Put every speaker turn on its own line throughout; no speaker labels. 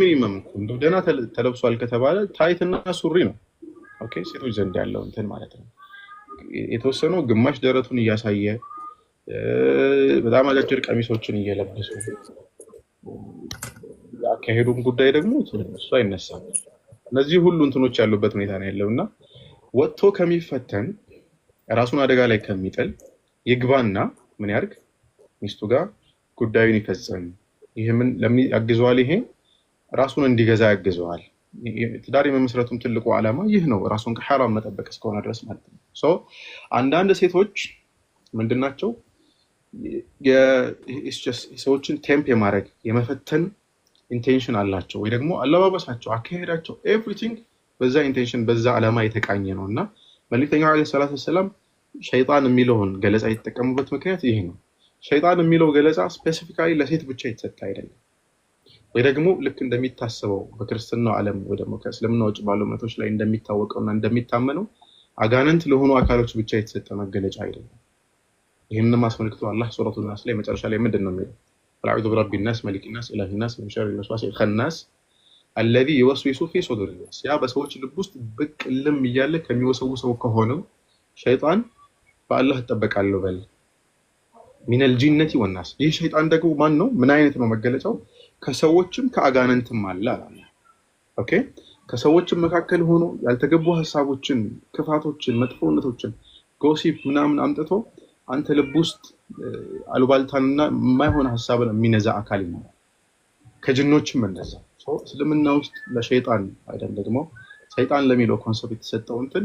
ሚኒመም እኮ እንደው ደህና ተለብሷል ከተባለ ታይት እና ሱሪ ነው። ኦኬ ሴቶች ዘንድ ያለው እንትን ማለት ነው። የተወሰነው ግማሽ ደረቱን እያሳየ በጣም አጫጭር ቀሚሶችን እየለበሱ ያካሄዱን ጉዳይ ደግሞ እሱ አይነሳም። እነዚህ ሁሉ እንትኖች ያሉበት ሁኔታ ነው ያለው እና ወጥቶ ከሚፈተን ራሱን አደጋ ላይ ከሚጥል ይግባና ምን ያርግ ሚስቱ ጋር ጉዳዩን ይፈጸም። ይህምን ለምን ያግዘዋል ይሄ ራሱን እንዲገዛ ያግዘዋል። ትዳር የመመስረቱም ትልቁ ዓላማ ይህ ነው፣ ራሱን ከሐራም መጠበቅ እስከሆነ ድረስ ማለት ነው። አንዳንድ ሴቶች ምንድናቸው ሰዎችን ቴምፕ የማድረግ የመፈተን ኢንቴንሽን አላቸው፣ ወይ ደግሞ አለባበሳቸው፣ አካሄዳቸው፣ ኤቭሪቲንግ በዛ ኢንቴንሽን በዛ ዓላማ የተቃኘ ነው እና መልክተኛው ዓለይሂ ሰላቱ ወሰላም ሸይጣን የሚለውን ገለጻ የተጠቀሙበት ምክንያት ይህ ነው። ሸይጣን የሚለው ገለጻ ስፔሲፊካሊ ለሴት ብቻ የተሰጠ አይደለም። ወይ ደግሞ ልክ እንደሚታሰበው በክርስትናው ዓለም ወይ ደግሞ ከእስልምና ውጭ ባሉ እምነቶች ላይ እንደሚታወቀውና እንደሚታመነው አጋንንት ለሆኑ አካሎች ብቻ የተሰጠ መገለጫ አይደለም። ይህንም አስመልክቶ አላህ ሱረቱ ናስ ላይ መጨረሻ ላይ ምንድን ነው የሚለው? አዑዙ ቢረቢ ናስ መሊክ ናስ ኢላሂ ናስ ሚን ሸርሪል ወስዋሲል ኸናስ አለዚ ዩወስዊሱ ፊ ሱዱሪ ናስ፣ ያ በሰዎች ልብ ውስጥ ብቅ ልም እያለ ከሚወሰውሰው ከሆነው ሸይጣን በአላህ እጠበቃለሁ በል። ሚነል ጂነቲ ወናስ። ይህ ሸይጣን ደግሞ ማን ነው? ምን አይነት ነው መገለጫው? ከሰዎችም ከአጋንንትም አለ አላለ። ኦኬ ከሰዎችም መካከል ሆኖ ያልተገቡ ሀሳቦችን፣ ክፋቶችን፣ መጥፎነቶችን ጎሲፕ ምናምን አምጥቶ አንተ ልብ ውስጥ አሉባልታንና የማይሆን ሀሳብን የሚነዛ አካል ይኖራል። ከጅኖችም እንደዛ እስልምና ውስጥ ለሸይጣን አይደል ደግሞ ሰይጣን ለሚለው ኮንሰፕት የተሰጠው እንትን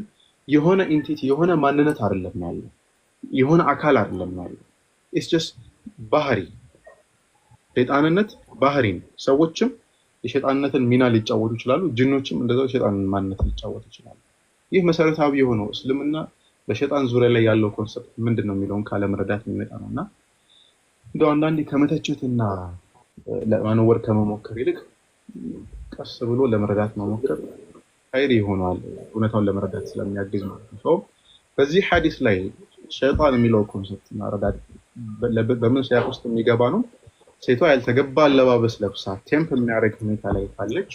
የሆነ ኢንቲቲ የሆነ ማንነት አይደለም ያለው የሆነ አካል አይደለም ያለው ኢትስ ጀስት ባህሪ ሸይጣንነት ባህሪ ነው። ሰዎችም የሸጣንነትን ሚና ሊጫወቱ ይችላሉ። ጅኖችም እንደዛው ሸጣን ማንነት ሊጫወቱ ይችላሉ። ይህ መሰረታዊ የሆነው እስልምና በሸጣን ዙሪያ ላይ ያለው ኮንሰፕት ምንድን ነው የሚለውን ካለመረዳት የሚመጣ ነው እና እንደ አንዳንዴ ከመተችትና ለማኖወር ከመሞከር ይልቅ ቀስ ብሎ ለመረዳት መሞከር ሀይር ይሆናል፣ እውነታውን ለመረዳት ስለሚያግዝ ማለት ነው። ሰውም በዚህ ሀዲስ ላይ ሸጣን የሚለው ኮንሰፕት እና በምን ሲያቅ ውስጥ የሚገባ ነው ሴቷ ያልተገባ አለባበስ ለብሳ ቴምፕ የሚያደርግ ሁኔታ ላይ ካለች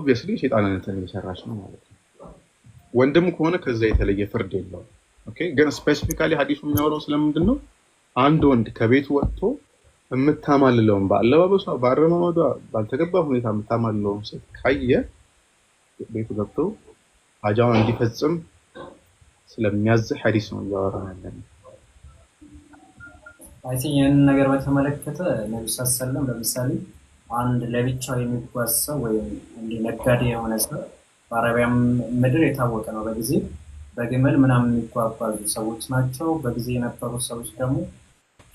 ኦብቪየስሊ ሴጣንነትን እየሰራች ነው ማለት ነው። ወንድም ከሆነ ከዛ የተለየ ፍርድ የለውም። ኦኬ ግን ስፔሲፊካሊ ሀዲሱ የሚያወራው ስለምንድን ነው? አንድ ወንድ ከቤት ወጥቶ የምታማልለውን በአለባበሷ፣ በአረማመዷ ባልተገባ ሁኔታ የምታማልለውን ሴት ካየ ቤቱ ገብቶ አጃውን እንዲፈጽም ስለሚያዝህ ሀዲስ ነው እያወራን ያለነው።
አይ ይህን ይህንን ነገር በተመለከተ ነቢ ሰለም ለምሳሌ አንድ ለብቻው የሚጓዝ ሰው ወይም እንዲህ ነጋዴ የሆነ ሰው በአረቢያም ምድር የታወቀ ነው። በጊዜ በግመል ምናምን የሚጓጓዙ ሰዎች ናቸው። በጊዜ የነበሩ ሰዎች ደግሞ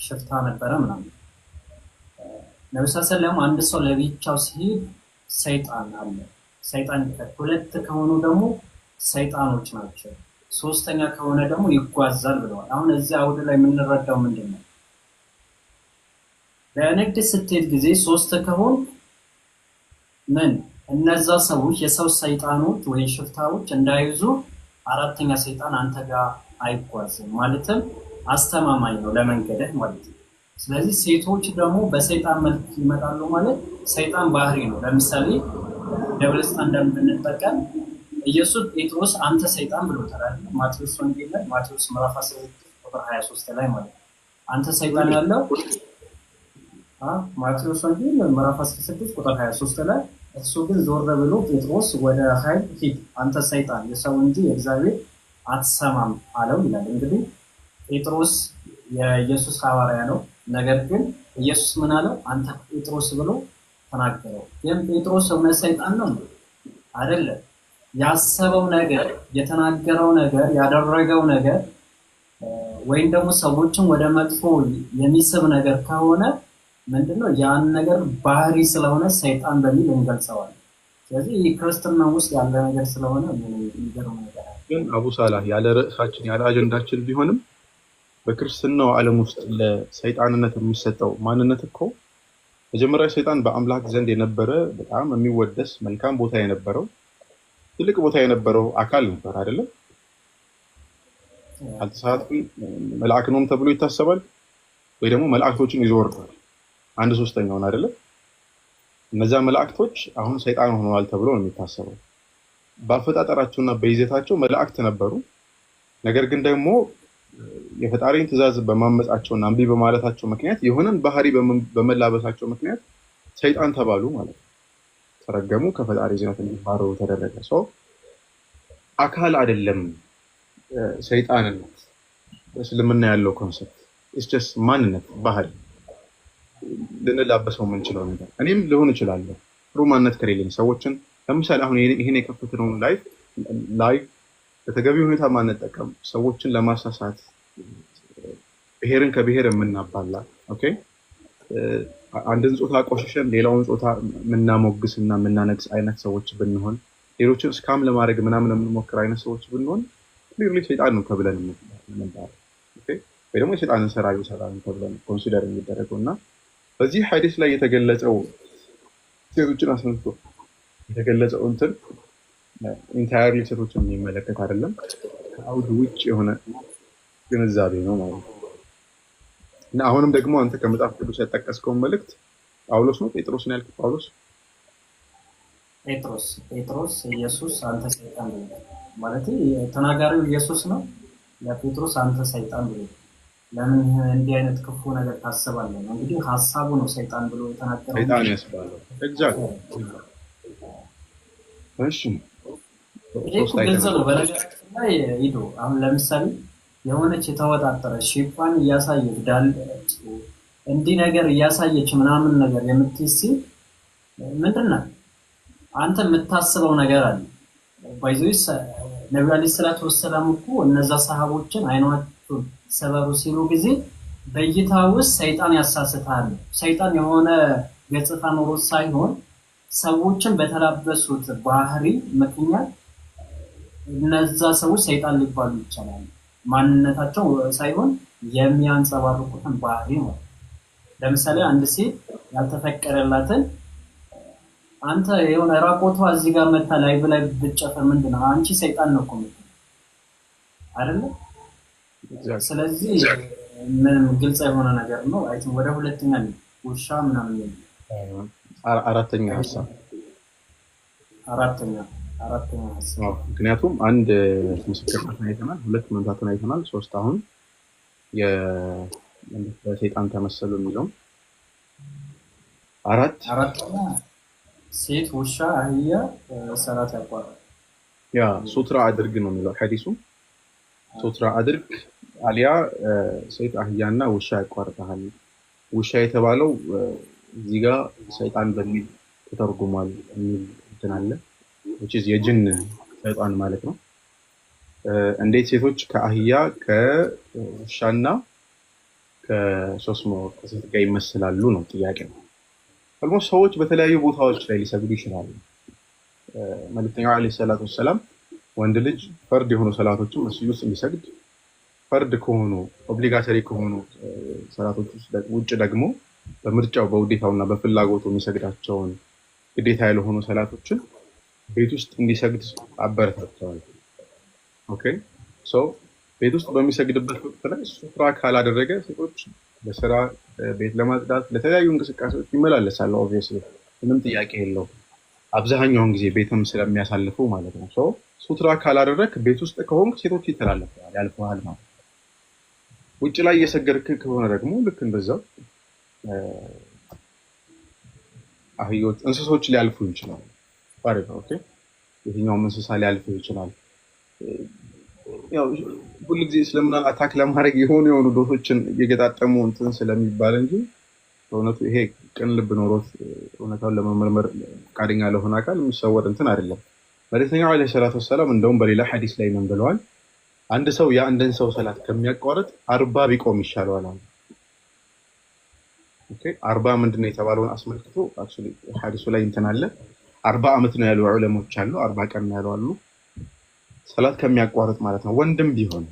ሽፍታ ነበረ ምናምን። ነቢ ሳሰለም አንድ ሰው ለብቻው ሲሄድ ሰይጣን አለ። ሰይጣን ሁለት ከሆኑ ደግሞ ሰይጣኖች ናቸው። ሶስተኛ ከሆነ ደግሞ ይጓዛል ብለዋል። አሁን እዚህ አውድ ላይ የምንረዳው ምንድን ነው? በንግድ ስትሄድ ጊዜ ሶስት ከሆን ምን እነዛ ሰዎች የሰው ሰይጣኖች ወይም ሽፍታዎች እንዳይዙ አራተኛ ሰይጣን አንተ ጋር አይጓዝም። ማለትም አስተማማኝ ነው ለመንገድህ ማለት ነው። ስለዚህ ሴቶች ደግሞ በሰይጣን መልክ ይመጣሉ ማለት ሰይጣን ባህሪ ነው። ለምሳሌ ደብል ስታንዳርድ ብንጠቀም ኢየሱስ ጴጥሮስ አንተ ሰይጣን ብሎታል። ማቴዎስ ወንጌል ላይ ማቴዎስ ምዕራፍ 19 ቁጥር 23 ላይ ማለት ነው አንተ ሰይጣን ያለው ማቴዎስ ወንጌል ምዕራፍ 16 ቁጥር 23 ላይ እሱ ግን ዞር ብሎ ጴጥሮስ ወደ ኃይል ሂድ አንተ ሰይጣን የሰው እንጂ የእግዚአብሔር አትሰማም አለው ይላል። እንግዲህ ጴጥሮስ የኢየሱስ ሐዋርያ ነው። ነገር ግን ኢየሱስ ምን አለው? አንተ ጴጥሮስ ብሎ ተናገረው። ግን ጴጥሮስ እውነት ሰይጣን ነው አይደለም። ያሰበው ነገር፣ የተናገረው ነገር፣ ያደረገው ነገር ወይም ደግሞ ሰዎችን ወደ መጥፎ የሚስብ ነገር ከሆነ ምንድነው ያን ነገር ባህሪ ስለሆነ ሰይጣን በሚል እንገልጸዋል። ስለዚህ ይህ ክርስትና ውስጥ ያለ ነገር ስለሆነ የሚገርም
ነገር ግን አቡ ሳላህ ያለ ርዕሳችን ያለ አጀንዳችን ቢሆንም በክርስትናው ዓለም ውስጥ ለሰይጣንነት የሚሰጠው ማንነት እኮ መጀመሪያ ሰይጣን በአምላክ ዘንድ የነበረ በጣም የሚወደስ መልካም ቦታ የነበረው ትልቅ ቦታ የነበረው አካል ነበር አይደለም። አልተሳትም መልአክ ነውም ተብሎ ይታሰባል ወይ ደግሞ መልአክቶችን ይዞ ወርዷል። አንድ ሶስተኛውን አይደለም። እነዚያ መላእክቶች አሁን ሰይጣን ሆነዋል ተብሎ ነው የሚታሰበው። በአፈጣጠራቸውና በይዘታቸው መላእክት ነበሩ። ነገር ግን ደግሞ የፈጣሪን ትእዛዝ በማመጻቸውና እምቢ በማለታቸው ምክንያት የሆነን ባህሪ በመላበሳቸው ምክንያት ሰይጣን ተባሉ ማለት ነው። ተረገሙ፣ ከፈጣሪ ዝነት እንዲባረሩ ተደረገ። ሰው አካል አይደለም ሰይጣንነት፣ እስልምና ያለው ኮንሰፕት ማንነት ባህሪ ልንላበሰው የምንችለው ነገር እኔም ልሆን እችላለሁ። ጥሩ ማነት ከሌለኝ ሰዎችን ለምሳሌ አሁን ይህን የከፈትነውን ላይፍ ላይፍ በተገቢ ሁኔታ ማንጠቀም ሰዎችን ለማሳሳት ብሔርን ከብሔር የምናባላ አንድን ጾታ አቆሽሸን ሌላውን ጾታ የምናሞግስ እና የምናነግስ አይነት ሰዎች ብንሆን ሌሎችን እስካም ለማድረግ ምናምን የምንሞክር አይነት ሰዎች ብንሆን ሊርሊ ሰይጣን ነው ተብለን ወይ ደግሞ የሰይጣንን ስራ ይሰራል ተብለን ኮንሲደር የሚደረገው እና በዚህ ሐዲስ ላይ የተገለጸው ሴቶችን አስመልቶ የተገለጸው እንትን ኢንታየር ሴቶች የሚመለከት አይደለም፣ ከአውድ ውጭ የሆነ ግንዛቤ ነው ማለት ነው። እና አሁንም ደግሞ አንተ ከመጽሐፍ ቅዱስ ያጠቀስከውን መልእክት ጳውሎስ ነው ጴጥሮስ ነው ያልክ? ጳውሎስ
ጴጥሮስ ጴጥሮስ ኢየሱስ አንተ ሰይጣን ማለት ተናጋሪው ኢየሱስ ነው ለጴጥሮስ አንተ ሰይጣን ብሎ ለምን እንዲህ አይነት ክፉ ነገር ታስባለህ? ነው እንግዲህ ሀሳቡ ነው ሰይጣን ብሎ የተናገረው።
ሰይጣን ያስባለው ግልጽ ነው።
በነገራችን ላይ አሁን ለምሳሌ የሆነች የተወጣጠረ ሽፋን እያሳየች ዳል እንዲህ ነገር እያሳየች ምናምን ነገር የምትይዝ ሲል ምንድን ነው አንተ የምታስበው ነገር አለ ባይዞ ነቢ አለ ሰላቱ ወሰላም እኮ እነዛ ሰሃቦችን አይኗቸው ሰበሩ ሲሉ ጊዜ በእይታ ውስጥ ሰይጣን ያሳስታል። ሰይጣን የሆነ ገጽታ ኖሮ ሳይሆን ሰዎችን በተላበሱት ባህሪ ምክንያት እነዛ ሰዎች ሰይጣን ሊባሉ ይቻላል። ማንነታቸው ሳይሆን የሚያንጸባርቁትን ባህሪ ነው። ለምሳሌ አንድ ሴት ያልተፈቀረላትን አንተ የሆነ ራቆቷ እዚህ ጋር መታ ላይ ብላይ ብጨፈ ምንድን ነው አንቺ ሰይጣን ነው እኮ አይደለ? ስለዚህ ምንም ግልጽ የሆነ ነገር ነው። አይ ወደ ሁለተኛ ውሻ ምናምን
አራተኛ ሀሳብ
አራተኛ አራተኛ
ሀሳብ ምክንያቱም አንድ ምስክርነትን አይተናል፣ ሁለት መምታትን አይተናል፣ ሶስት አሁን በሰይጣን ተመሰሉ የሚለውም አራት
አራተኛ ሴት ውሻ አህያ ሰላት ያቋራል
ያ ሱትራ አድርግ ነው የሚለው ሐዲሱ ሱትራ አድርግ አሊያ ሰይጥ አህያና ውሻ ያቋርጠሃል። ውሻ የተባለው እዚህ ጋ ሰይጣን በሚል ተተርጉሟል የሚል እንትን አለ። የጅን ሰይጣን ማለት ነው። እንዴት ሴቶች ከአህያ ከውሻና ከሶስት ከሴት ጋር ይመስላሉ ነው ጥያቄ ነው። አልሞ ሰዎች በተለያዩ ቦታዎች ላይ ሊሰግዱ ይችላሉ። መልክተኛው ዓለይሂ ሰላቱ ወሰላም ወንድ ልጅ ፈርድ የሆኑ ሰላቶችን መስጊድ ውስጥ እንዲሰግድ ፈርድ ከሆኑ ኦብሊጋተሪ ከሆኑ ሰላቶች ውጭ ደግሞ በምርጫው በውዴታውና በፍላጎቱ የሚሰግዳቸውን ግዴታ ያልሆኑ ሰላቶችን ቤት ውስጥ እንዲሰግድ አበረታቸዋል። ኦኬ ቤት ውስጥ በሚሰግድበት ወቅት ላይ ሱፍራ ካላደረገ ሴቶች ለስራ ቤት ለማጽዳት ለተለያዩ እንቅስቃሴዎች ይመላለሳሉ። ኦብቪየስሊ ምንም ጥያቄ የለው። አብዛኛውን ጊዜ ቤትም ስለሚያሳልፉ ማለት ነው። ሱትራ ካላደረግ ቤት ውስጥ ከሆንክ ሴቶች ይተላለፈዋል፣ ያልፈዋል ማለት ነው። ውጭ ላይ እየሰገድክ ከሆነ ደግሞ ልክ እንደዛው አህዮች፣ እንስሶች ሊያልፉ ይችላል። የትኛውም እንስሳ ሊያልፍ ይችላል። ጊዜ ስለምናል አታክ ለማድረግ የሆኑ የሆኑ ዶቶችን እየገጣጠሙ እንትን ስለሚባል እንጂ በእውነቱ ይሄ ቅን ልብ ኖሮት እውነታውን ለመመርመር ፈቃደኛ ለሆነ አካል የሚሰወር እንትን አይደለም። መልእክተኛው ዓለይሂ ሰላቱ ወሰላም እንደውም በሌላ ሐዲስ ላይ ምን ብለዋል? አንድ ሰው የአንድን ሰው ሰላት ከሚያቋርጥ አርባ ቢቆም ይሻለዋል። አርባ ምንድን ነው የተባለውን አስመልክቶ ሀዲሱ ላይ እንትን አለ። አርባ ዓመት ነው ያሉ ዑለሞች አሉ። አርባ ቀን ነው ያሉ አሉ። ሰላት ከሚያቋርጥ ማለት ነው ወንድም ቢሆን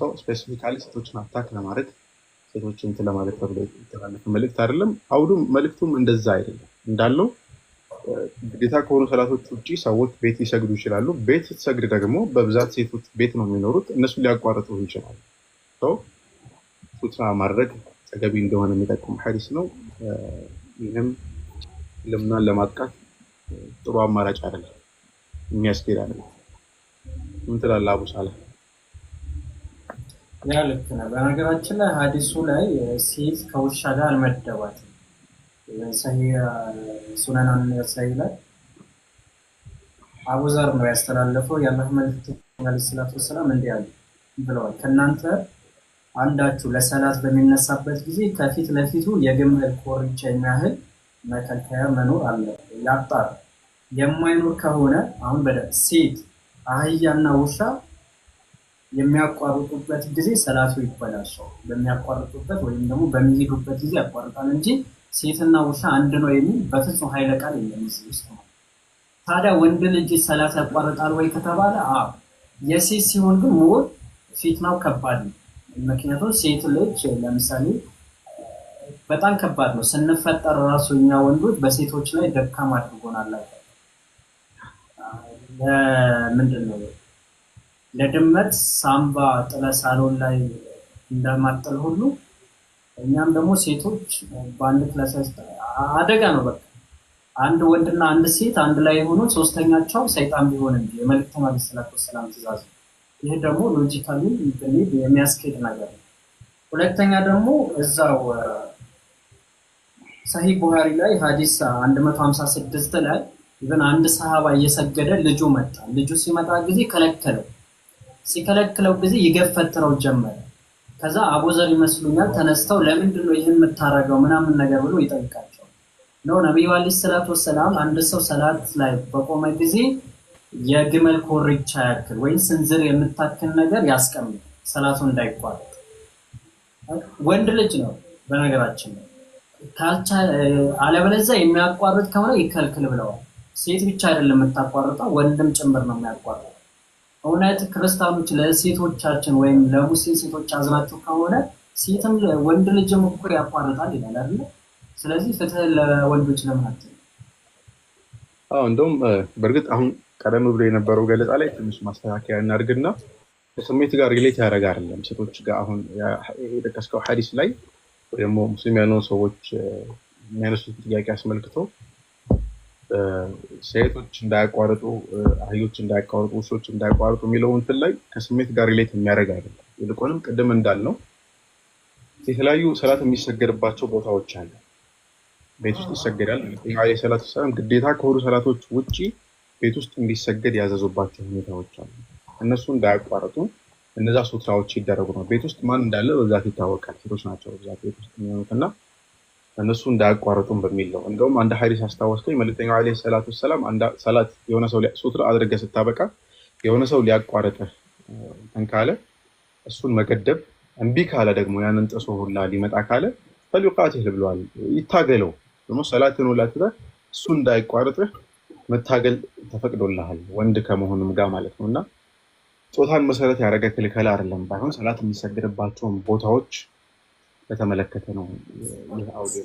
ሰው ስፔሲፊካሊ ሴቶችን አታክ ለማድረግ ሴቶችን እንትን ለማለት ተብሎ የተላለፈ መልእክት አይደለም። አውዱም መልእክቱም እንደዛ አይደለም እንዳለው ግዴታ ከሆኑ ሰላቶች ውጭ ሰዎች ቤት ሊሰግዱ ይችላሉ። ቤት ስትሰግድ ደግሞ በብዛት ሴቶች ቤት ነው የሚኖሩት፣ እነሱን ሊያቋርጡ ይችላሉ። ሰው ሱትራ ማድረግ ተገቢ እንደሆነ የሚጠቁም ሀዲስ ነው። ይህም ልምናን ለማጥቃት ጥሩ አማራጭ አይደለም፣ የሚያስኬድ ምን ትላለህ አቡ ያ ልክ
ነው። በነገራችን ላይ ላይ ሴት ከውሻ ጋር አልመደባትም ሰሂህ ላይ አቡዘር ነው ያስተላለፈው። የአላህ መልእክተኛ ሰላቱ ወሰላም እንዲህ አሉ ብለዋል። ከእናንተ አንዳችሁ ለሰላት በሚነሳበት ጊዜ ከፊት ለፊቱ የግመል ኮርቻ የሚያህል መከልከያ መኖር አለ ያጣር የማይኖር ከሆነ አሁን በደ ሴት አህያና ውሻ የሚያቋርጡበት ጊዜ ሰላቱ ይበላሻል። በሚያቋርጡበት ወይም ደግሞ በሚሄዱበት ጊዜ ያቋርጣል እንጂ ሴትና ውሻ አንድ ነው የሚል በፍጹም ኃይለ ቃል የለም እዚህ ውስጥ። ታዲያ ወንድን እጅ ሰላት ያቋርጣል ወይ ከተባለ አዎ፣ የሴት ሲሆን ግን ሞር ፊትናው ከባድ ነው። ምክንያቱም ሴት ልጅ ለምሳሌ በጣም ከባድ ነው። ስንፈጠር ራሱ እኛ ወንዶች በሴቶች ላይ ደካም አድርጎናል። ለምንድን ነው ለድመት ሳምባ ጥለ ሳሎን ላይ እንደማጠል ሁሉ እኛም ደግሞ ሴቶች በአንድ ክላስ አደጋ ነው። በቃ አንድ ወንድና አንድ ሴት አንድ ላይ የሆኑ ሶስተኛቸው ሰይጣን ቢሆን እንጂ የመልእክተኛ ዐለይሂ ሰላቱ ወሰላም ትእዛዝ ይህ ደግሞ ሎጂካሊ ብንሄድ የሚያስኬድ ነገር ነው። ሁለተኛ ደግሞ እዛው ሰሂህ ቡሃሪ ላይ ሀዲስ 156 ላይ ኢቨን አንድ ሰሃባ እየሰገደ ልጁ መጣ። ልጁ ሲመጣ ጊዜ ከለከለው። ሲከለክለው ጊዜ ይገፈትረው ጀመረ ከዛ አቡዘር ይመስሉኛል ተነስተው ለምንድን ነው ይህን የምታረገው ምናምን ነገር ብሎ ይጠይቃቸው ነው። ነቢዩ አለይሂ ሰላቱ ወሰላም አንድ ሰው ሰላት ላይ በቆመ ጊዜ የግመል ኮርቻ ያክል ወይም ስንዝር የምታክል ነገር ያስቀምጥ ሰላቱ እንዳይቋረጥ። ወንድ ልጅ ነው በነገራችን ነው አለበለዚያ የሚያቋርጥ ከሆነ ይከልክል ብለዋል። ሴት ብቻ አይደለም የምታቋርጠው፣ ወንድም ጭምር ነው የሚያቋርጠው። እውነት ክርስቲያኖች ለሴቶቻችን ወይም ለሙስሊም ሴቶች አዝናቸው ከሆነ ሴትም ወንድ ልጅም እኩል ያቋርጣል ይላል አይደል? ስለዚህ ፍትህ ለወንዶች ለምናት አትልም?
እንደውም በእርግጥ አሁን ቀደም ብሎ የነበረው ገለጻ ላይ ትንሽ ማስተካከያ እናድርግና ከስሜት ጋር ሪሌት ያደረግ አይደለም። ሴቶች ጋር አሁን የጠቀስከው ሀዲስ ላይ ደግሞ ሙስሊም ያልሆኑ ሰዎች የሚያነሱት ጥያቄ አስመልክቶ ሴቶች እንዳያቋርጡ፣ አህዮች እንዳያቋርጡ፣ ውሾች እንዳያቋርጡ የሚለው እንትን ላይ ከስሜት ጋር ሌት የሚያደርግ አይደለም። ይልቁንም ቅድም እንዳልነው የተለያዩ ሰላት የሚሰገድባቸው ቦታዎች አለ። ቤት ውስጥ ይሰገዳል። የሰላት ሰላም ግዴታ ከሆኑ ሰላቶች ውጭ ቤት ውስጥ እንዲሰገድ ያዘዙባቸው ሁኔታዎች አሉ። እነሱ እንዳያቋርጡ እነዛ ሱትራዎች ይደረጉ ነው። ቤት ውስጥ ማን እንዳለ በብዛት ይታወቃል። ሴቶች ናቸው በብዛት ቤት ውስጥ የሚሆኑት እና እነሱ እንዳያቋርጡም በሚል ነው። እንደውም አንድ ሀዲስ አስታወስኩኝ። መልክተኛው ዓለይሂ ሰላቱ ወሰላም ሰላት የሆነ ሰው ሱትር አድርገ ስታበቃ የሆነ ሰው ሊያቋርጥህ እንትን ካለ እሱን መገደብ፣ እምቢ ካለ ደግሞ ያንን ጥሶ ሁላ ሊመጣ ካለ ፈሊቃትህ ብለዋል። ይታገለው ደግሞ ሰላትን ሁላ ትተህ እሱ እንዳይቋርጥህ መታገል ተፈቅዶልሃል፣ ወንድ ከመሆኑም ጋር ማለት ነው። እና ጾታን መሰረት ያደረገ ክልከል አይደለም። ባይሆን ሰላት የሚሰግድባቸውን ቦታዎች በተመለከተ ነው ይህ አውዲዮ